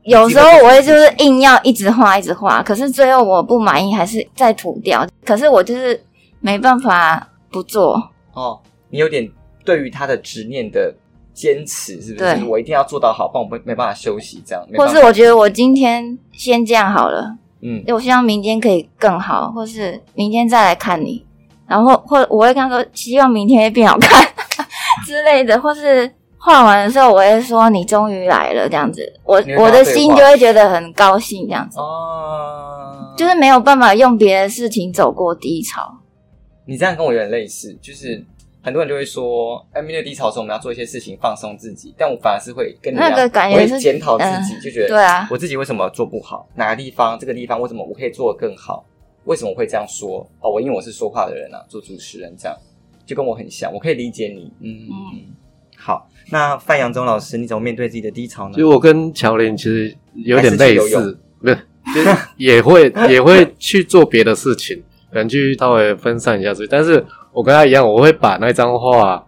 有時候我會就是硬要一直畫，一直畫，可是最後我不滿意，還是再塗掉。可是我就是沒辦法不做。哦，你有點對於他的執念的堅持，是不是？對我一定要做到好，不然我沒辦法休息這樣。或是我覺得我今天先這樣好了。嗯，我希望明天可以更好，或是明天再來看你。然後或我會跟他說，希望明天會變好看之類的，或是畫完的時候，我會說你終於來了，這樣子，我我的心就會覺得很高興，這樣子，啊、就是沒有辦法用別的事情走過低潮。你這樣跟我有點類似，就是很多人就會說，哎，面對低潮的時候，我們要做一些事情放鬆自己，但我反而是會跟你講那個感覺是檢討自己，嗯、就覺得對啊，我自己為什麼做不好？啊、哪個地方？這個地方為什麼我可以做得更好？為什麼會這樣說？哦，我因為我是說話的人啊，做主持人這樣，就跟我很像。我可以理解你，嗯，嗯，好。那范揚宗老師，你怎麼面對自己的低潮呢？其實我跟喬綾其實有點類似，不是，也會 [laughs] 也會去做別的事情，可能去稍微分散一下注意，但是我跟他一樣，我會把那張畫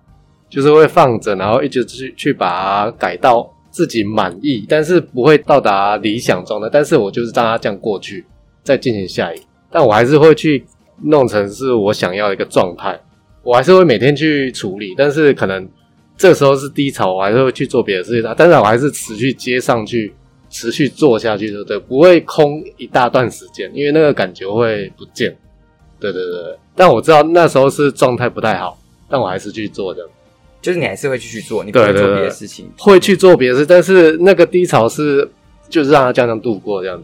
就是會放着，然後一直去去把它改到自己滿意，但是不會到達理想中的。但是我就是讓它這樣過去，再進行下一步。但我還是會去弄成是我想要一個狀態，我還是會每天去處理，但是可能這時候是低潮，我還是會去做別的事情。但是我還是持續接上去，持續做下去對不對，不會空一大段時間，因為那個感覺會不見。對對對，但我知道那時候是狀態不太好，但我還是去做的，就是你還是會繼續做，你可能會做別的事情，對對對，會去做別的事，但是那個低潮是就是讓它將將度過這樣子。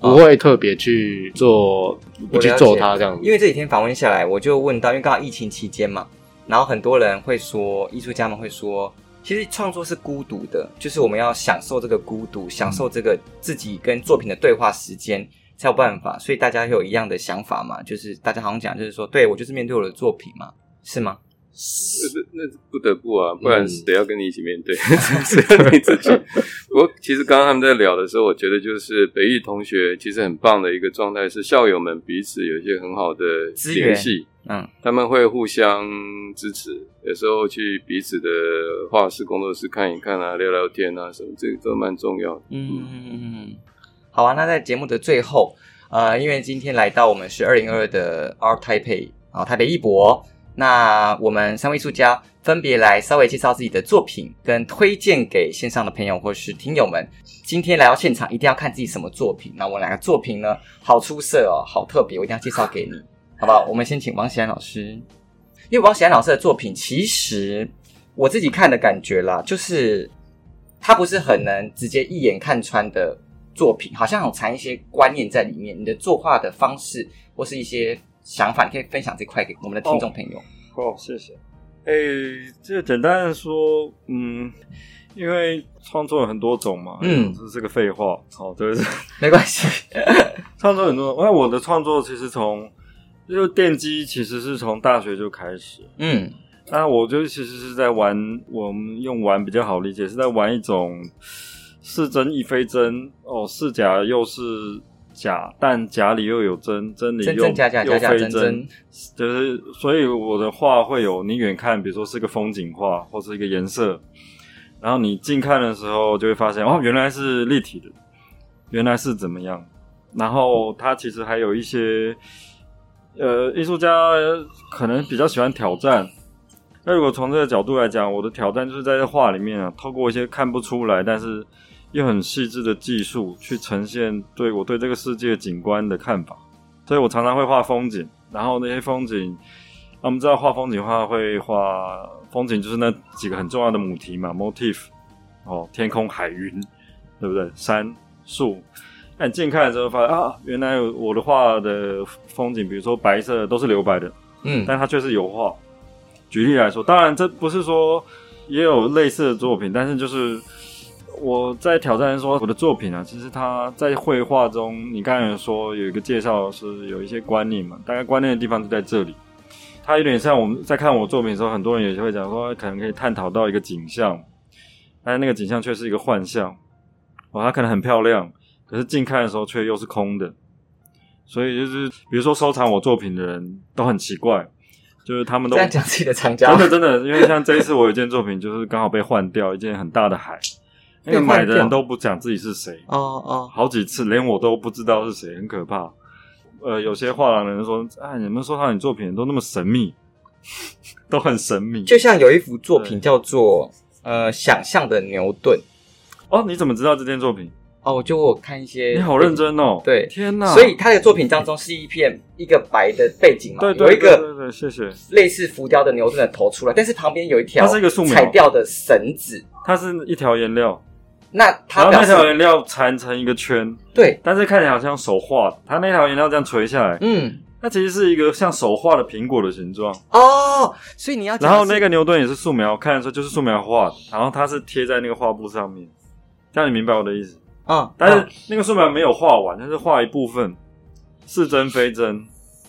不會特別去做，我、oh, 去做他這樣子。因為這幾天訪問下來，我就問到，因為剛好疫情期間嘛，然後很多人會說，藝術家們會說，其實創作是孤獨的，就是我們要享受這個孤獨，嗯、享受這個自己跟作品的對話時間才有辦法。所以大家有一樣的想法嘛，就是大家好像講，就是說，對，我就是面對我的作品嘛，是嗎？那那不得不啊，不然誰要跟你一起面對？只、嗯、你自己。 [laughs] 其實剛剛他們在聊的時候，我覺得就是北藝同學其實很棒的一個狀態是校友們彼此有一些很好的聯繫，嗯，他們會互相支持，有時候去彼此的畫室、工作室看一看啊，聊聊天啊，什麼這個都蠻重要嗯，嗯好啊。那在節目的最後，呃，因為今天來到我們是二零二二的 Art Taipei 啊，台北藝博。那我們三位藝術家分別來稍微介紹自己的作品，跟推薦給線上的朋友或是聽友們。今天來到現場，一定要看自己什麼作品。那我兩個作品呢？好出色哦，好特別，我一定要介紹給你，好不好？我們先請王璽安老師，因為王璽安老師的作品，其實我自己看的感覺啦，就是他不是很能直接一眼看穿的作品，好像很藏一些觀念在裡面。你的作畫的方式或是一些，想法可以分享這塊給我們的聽眾朋友。好、哦哦，謝謝。哎、欸，這簡單說，嗯，因為創作有很多種嘛，嗯，這是個廢話。好、哦，對，沒關係。創作很多種，我的創作其實從就電機其實是從大學就開始。嗯，那我就其實是在玩，我們用玩比較好理解，是在玩一種似真亦非真，哦，似假又似。假，但假裡又有真，真裡又有真，真真假假假假真真，又非真，就是所以我的畫會有你遠看，比如說是個風景畫或是一個顏色，然後你近看的時候就會發現哦，原來是立體的，原來是怎麼樣，然後它其實還有一些，嗯、呃，藝術家可能比較喜歡挑戰。那如果從這個角度來講，我的挑戰就是在畫裡面啊，透過一些看不出來，但是。用很細緻的技術去呈現對我對這個世界的景觀的看法，所以我常常會畫風景。然後那些風景，他、啊、我們知道畫風景畫會畫風景，就是那幾個很重要的母題嘛，motif，哦，天空、海、雲，對不對？山、樹。但你近看的時候發現啊，原來我的畫的風景，比如說白色的都是留白的，嗯，但它卻是油畫。舉例來說，當然這不是說也有類似的作品，但是就是。我在挑戰說，我的作品啊，其實它在繪畫中，你剛才說，有一個介紹是有一些觀念嘛，大概觀念的地方就在這裡。它有點像我們在看我作品的時候，很多人有些會講說，可能可以探討到一個景象，但那個景象卻是一個幻象。哇，它可能很漂亮，可是近看的時候卻又是空的。所以就是，比如說收藏我作品的人都很奇怪，就是他們都在講自己的藏家。真的真的，因為像這一次我有一件作品，就是剛好被換掉一件很大的海。因為買的人都不講自己是誰哦哦，哦好幾次連我都不知道是誰，很可怕。呃，有些畫廊的人說：“哎，你們說他你作品都那麼神秘，都很神秘。”就像有一幅作品對叫做“呃，想象的牛頓”。哦，你怎麼知道這件作品？哦，我就我看一些。你好認真哦。欸、對，天吶哪。所以他的作品當中是一片一個白的背景嘛？對對對對對，謝謝。類似浮雕的牛頓的頭出來，謝謝但是旁邊有一條它是一個彩吊的繩子，它是一條顏料。那他然後那條顏料纏成一個圈，對，但是看起來好像手畫的，它那條顏料這樣垂下來，嗯，它其實是一個像手畫的蘋果的形狀哦。Oh, 所以你要然後那個牛頓也是素描，看的時候就是素描畫的，然後它是貼在那個畫布上面，這樣你明白我的意思啊。Oh, 但是那個素描沒有畫完，它、oh. 是畫一部分，似真非真。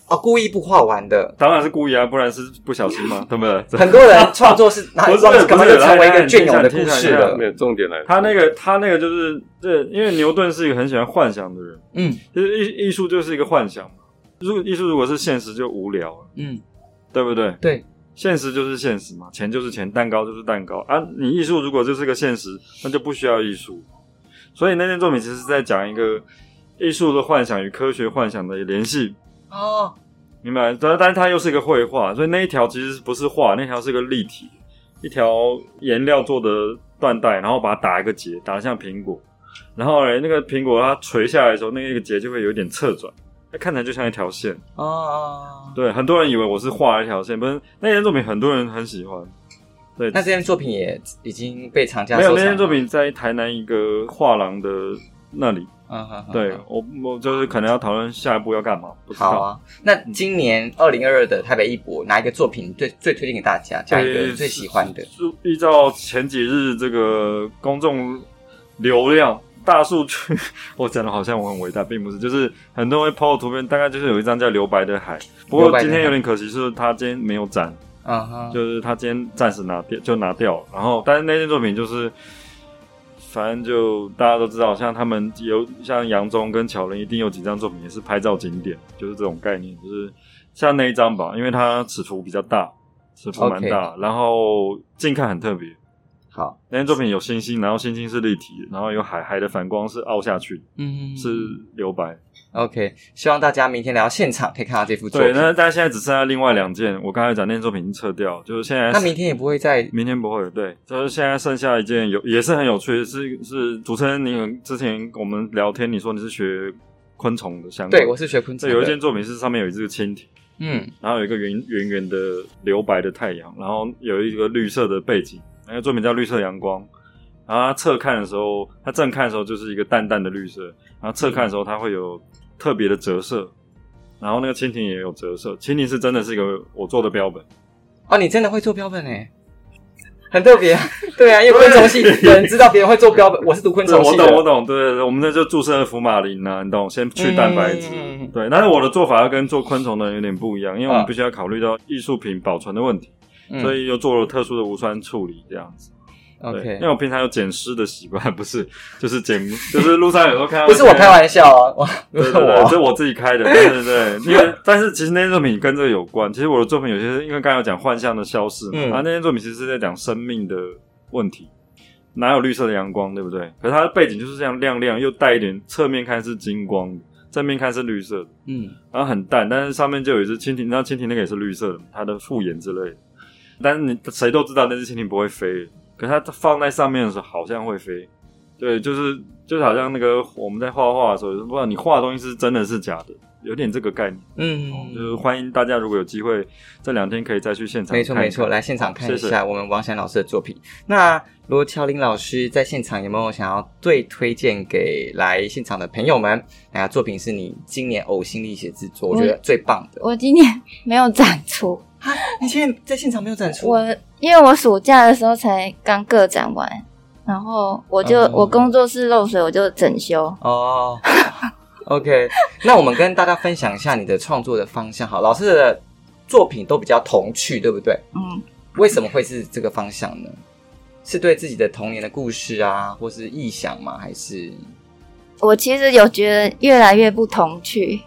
啊、哦，故意不畫完的，當然是故意啊，不然是不小心嘛 [laughs] 對不對？很多人創作是，我真的是根本就成為一個雋永的故事了。一下一下沒有重點了，他那個他那個就是，對，因為牛頓是一個很喜歡幻想的人，嗯，其實藝藝術就是一個幻想嘛。如果藝術如果是現實，就無聊了，嗯，對不對？對，現實就是現實嘛，錢就是錢，蛋糕就是蛋糕啊。你藝術如果就是個現實，那就不需要藝術。所以那件作品其實是在講一個藝術的幻想與科學幻想的聯繫。哦，oh. 明白。但但是它又是一個繪畫，所以那一條其實不是畫，那條是一個立體，一條顏料做的緞帶，然後把它打一個結，打得像蘋果，然後呢，那個蘋果它垂下來的時候，那個一個結就會有點側轉，它看起來就像一條線。哦，oh. 對，很多人以為我是畫一條線，不是。那件作品很多人很喜歡，對。那這件作品也已經被藏家。沒有，那件作品在台南一個畫廊的那裡。嗯 [music] 對，我我就是可能要討論下一步要幹嘛。好啊，不，那今年二零二二的台北藝博，哪一個作品最最推薦給大家，哪一個最喜歡的？是，是，是依照前幾日這個公眾流量大數據， [laughs] 我講的好像我很偉大，並不是，就是很多人會 PO 的圖片，大概就是有一張叫《留白的海》，不過今天有點可惜，是他今天沒有展，啊哈， [music] 就是他今天暫時拿掉就拿掉了，然後但是那件作品就是。反正就大家都知道，好像他們有像楊宗跟喬綾一定有幾張作品，也是拍照景點，就是這種概念，就是像那一張吧，因為它尺幅比較大，尺幅蠻大，Okay. 然後近看很特別。好，那張作品有星星，然後星星是立體，然後有海、海的反光是凹下去，嗯哼嗯哼，是留白。OK，希望大家明天來到現場可以看到這幅作品。對，那大家現在只剩下另外兩件，嗯、我剛才講那件作品已經撤掉，就是現在是。那明天也不會再，明天不會，對，就是現在剩下一件有也是很有趣的是，是是主持人你對之前我們聊天，你說你是學昆蟲的相關，對，我是學昆蟲的。有一件作品是上面有一隻蜻蜓，嗯，然後有一個圓圓圓的留白的太陽，然後有一個綠色的背景，那個作品叫綠色陽光。然後他側看的時候，它正看的時候就是一個淡淡的綠色，然後側看的時候它會有特別的折射，然後那個蜻蜓也有折射。蜻蜓是真的是一個我做的標本啊、哦，你真的會做標本欸？很特別。 [laughs] 對啊，因為昆蟲系人知道別人會做標本，我是讀昆蟲系的，我懂我懂。對對對，我們在這注射了福馬林啊，你懂，先去蛋白質。嗯、對，但是我的做法要跟做昆蟲的有點不一樣，嗯、因為我們必須要考慮到藝術品保存的問題，嗯、所以又做了特殊的無酸處理，這樣子。Okay. 對，因為我平常有撿屍的習慣，不是，就是撿，就是路上有時候看到。 [laughs] 不是我開玩笑啊，哇，對，對，對，我是我自己開的，對對對。因為 [laughs] 有，但是其實那些作品跟這個有關。其實我的作品有些是，因為剛才有講幻象的消失嘛，嗯，然後那些作品其實是在講生命的問題。哪有綠色的陽光，對不對？可是它的背景就是這樣亮亮，又帶一點，側面看是金光，正面看是綠色的，嗯，然後很淡，但是上面就有一只蜻蜓，然後蜻蜓那個也是綠色的，它的複眼之類的。但是你誰都知道，那只蜻蜓不會飛。可是它放在上面的時候好像會飛，對，就是就是好像那個我們在畫畫的時候，不知道你畫的東西是真的是假的，有點這個概念。嗯，就是歡迎大家如果有機會這兩天可以再去現場，沒錯沒錯，來現場看一下我們王璽安老師的作品。謝謝。那羅喬綾老師在現場有沒有想要最推薦給來現場的朋友們？啊，作品是你今年嘔心瀝血之作，我覺得最棒的。我，我今年沒有展出。啊！你現在在現場沒有展出？我因為我暑假的時候才剛個展完，然後我就、嗯、我工作室漏水，我就整修。哦，oh, OK， [laughs] 那我們跟大家分享一下你的創作的方向。好，老師的作品都比較童趣，對不對？嗯，為什麼會是這個方向呢？是對自己的童年的故事啊，或是臆想嗎？還是我其實有覺得越來越不童趣，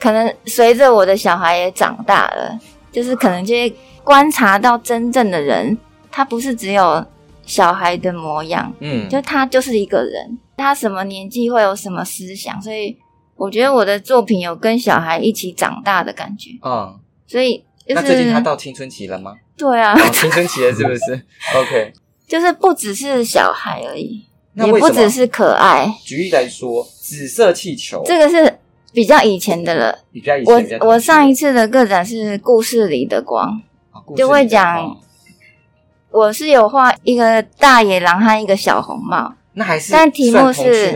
可能隨着我的小孩也長大了。就是可能就會觀察到真正的人，他不是只有小孩的模樣，嗯，就他就是一個人，他什麼年紀會有什麼思想，所以我覺得我的作品有跟小孩一起長大的感覺，嗯，所以就是那最近他到青春期了嗎？對啊，哦，青春期了是不是 [laughs] ？OK，就是不只是小孩而已，也不只是可愛。舉例來說，紫色氣球，這個是。比較以前的了，比較以前，我我上一次的個展是《故事裡的光》，就會講，我是有畫一個大野狼和一個小紅帽。那還是但題目是，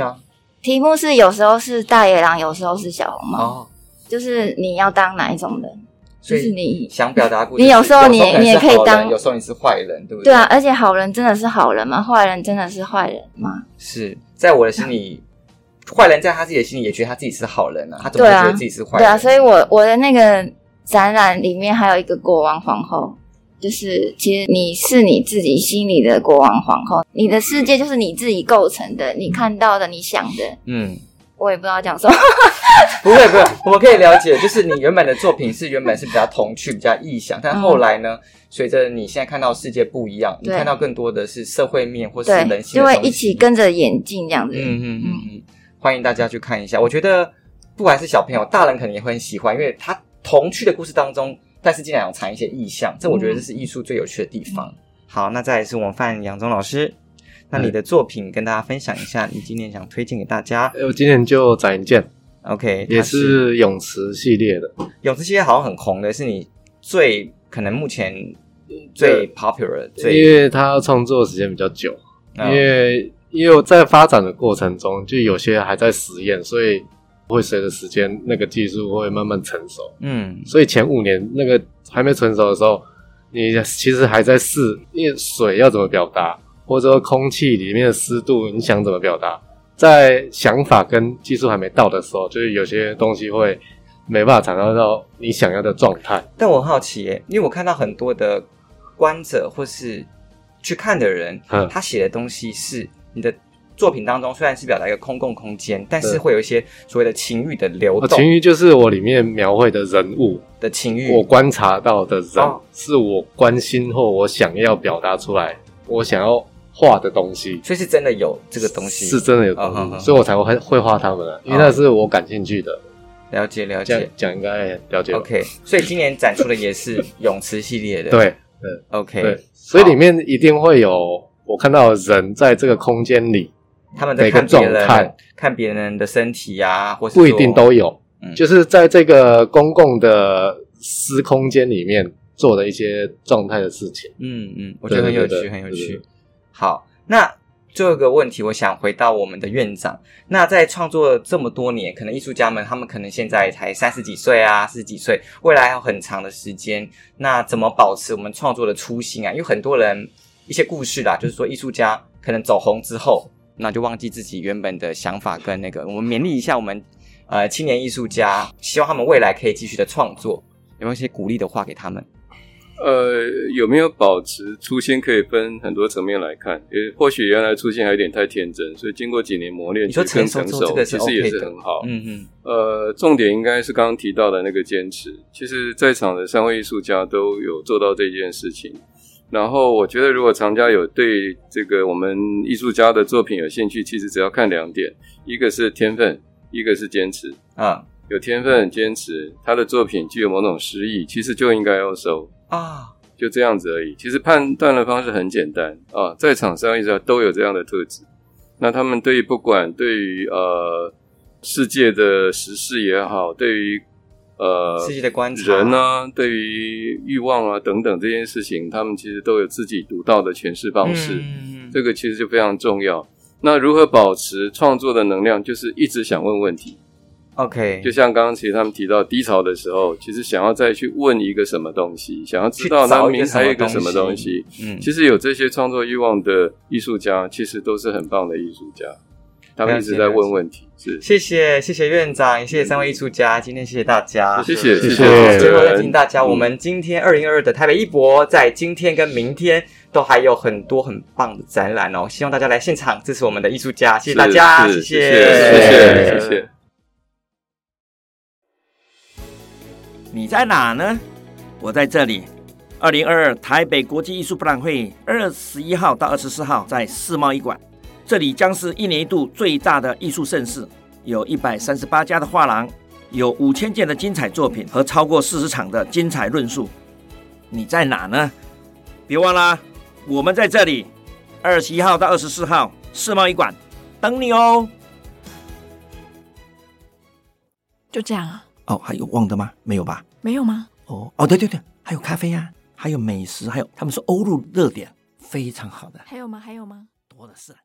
題目是有時候是大野狼，有時候是小紅帽，就是你要當哪一種人？就是你想表達故事，你有時候你你也可以當，有時候你是壞人，對不對？對啊，而且好人真的是好人嗎？壞人真的是壞人嗎？是在我的心裡。壞人在他自己的心裡也覺得他自己是好人啊，他怎麼會覺得自己是壞人對、啊？對啊，所以我，我我的那個展覽裡面還有一個國王皇後，就是其實你是你自己心裡的國王皇後，你的世界就是你自己構成的，你看到的，你想的，嗯，我也不知道講什麼，不會不會，我們可以了解，就是你原本的作品是原本是比較童趣、比較臆想，但後來呢，隨着、嗯、你現在看到的世界不一樣，對你看到更多的是社會面或是人性對，就會一起跟着演進這樣子，嗯哼嗯嗯嗯。歡迎大家去看一下，我覺得不管是小朋友、大人，肯定也會很喜歡，因為他童趣的故事當中，但是竟然有藏一些意象，這我覺得這是藝術最有趣的地方。嗯、好，那再來是我們范揚宗老師，那你的作品跟大家分享一下，嗯、你今年想推薦給大家？哎、我今年就展一件 OK 也是泳池系列的，泳池系列好像很紅的，是你最可能目前最 popular，對最因為他創作的時間比較久，oh. 因為。因為在發展的過程中，就有些還在實驗，所以會隨着時間，那個技術會慢慢成熟。嗯，所以前五年那個還沒成熟的時候，你其實還在試，因為水要怎麼表達，或者說空氣裡面的濕度，你想怎麼表達，在想法跟技術還沒到的時候，就是有些東西會沒辦法產生到你想要的狀態。但我很好奇耶、欸，因為我看到很多的觀者或是去看的人，嗯、他寫的東西是。你的作品當中雖然是表達一個公共空間，但是會有一些所謂的情欲的流動。情欲就是我裡面描繪的人物的情欲。我觀察到的人、哦、是我關心或我想要表達出來，我想要畫的東西，所以是真的有這個東西，是真的有、哦、呵呵，所以我才會會畫他們啊。因為那是我感興趣的。了解、哦、了解，講一個了解。哎、了解 OK，所以今年展出的也是泳池系列的， [laughs] 對，嗯對，OK，對，所以裡面一定會有。我看到人在這個空間裡，他們在看別人，狀態看別人的身體啊，或是不一定都有，嗯、就是在這個公共的私空間裡面做的一些狀態的事情。嗯嗯，我覺得很有趣，對很有趣。是好，那最後一個問題，我想回到我們的院長。那在創作這麼多年，可能藝術家們他們可能現在才三十幾歲啊，四十幾歲，未來還有很長的時間，那怎麼保持我們創作的初心啊？有很多人。一些故事啦，就是說藝術家可能走紅之後，那就忘記自己原本的想法跟那個。我們勉勵一下我們呃青年藝術家，希望他們未來可以繼續的創作。有沒有一些鼓勵的話給他們？呃，有沒有保持初心？可以分很多層面來看，也或許原來初心還有點太天真，所以經過幾年磨練，你說成熟，成熟，這個是 OK 的。其實也是很好。嗯嗯哼。呃，重點應該是剛剛提到的那個堅持。其實，在場的三位藝術家都有做到這件事情。然後我覺得，如果藏家有對這個我們藝術家的作品有興趣，其實只要看兩點，一個是天分，一個是堅持啊。有天分、堅持，他的作品具有某種詩意，其實就應該要收啊。就這樣子而已。其實判斷的方式很簡單啊，在場上一直都有這樣的特質，那他們對於不管對於呃世界的時事也好，對於。呃，人呢、啊，對於欲望啊等等這件事情，他們其實都有自己獨到的詮釋方式，嗯、這個其實就非常重要。那如何保持創作的能量，就是一直想問問題。OK，就像剛剛其實他們提到低潮的時候，其實想要再去問一個什麼東西，想要知道他們還有一個什麼東西。嗯，其實有這些創作欲望的藝術家，其實都是很棒的藝術家。他們一直在問問題，是，謝謝謝謝院長，也謝謝三位藝術家，今天謝謝大家，謝謝謝謝，最後再提醒大家，我們今天二零二二的台北藝博，在今天跟明天都還有很多很棒的展覽哦，希望大家來現場支持我們的藝術家，謝謝大家，謝謝謝謝謝謝，你在哪呢？我在這裡，二零二二台北國際藝術博覽會，二十一號到二十四號在世貿一館。這裡將是一年一度最大的藝術盛事，有一百三十八家的畫廊，有五千件的精彩作品和超過四十場的精彩論述。你在哪呢？別忘了，我們在這裡，二十一號到二十四號世貿館等你哦。就這樣啊？哦，還有忘的嗎？沒有吧？沒有嗎？哦哦，對對對，還有咖啡啊，還有美食，還有他們說歐陸熱點，非常好的。還有嗎？還有嗎？多的是、啊。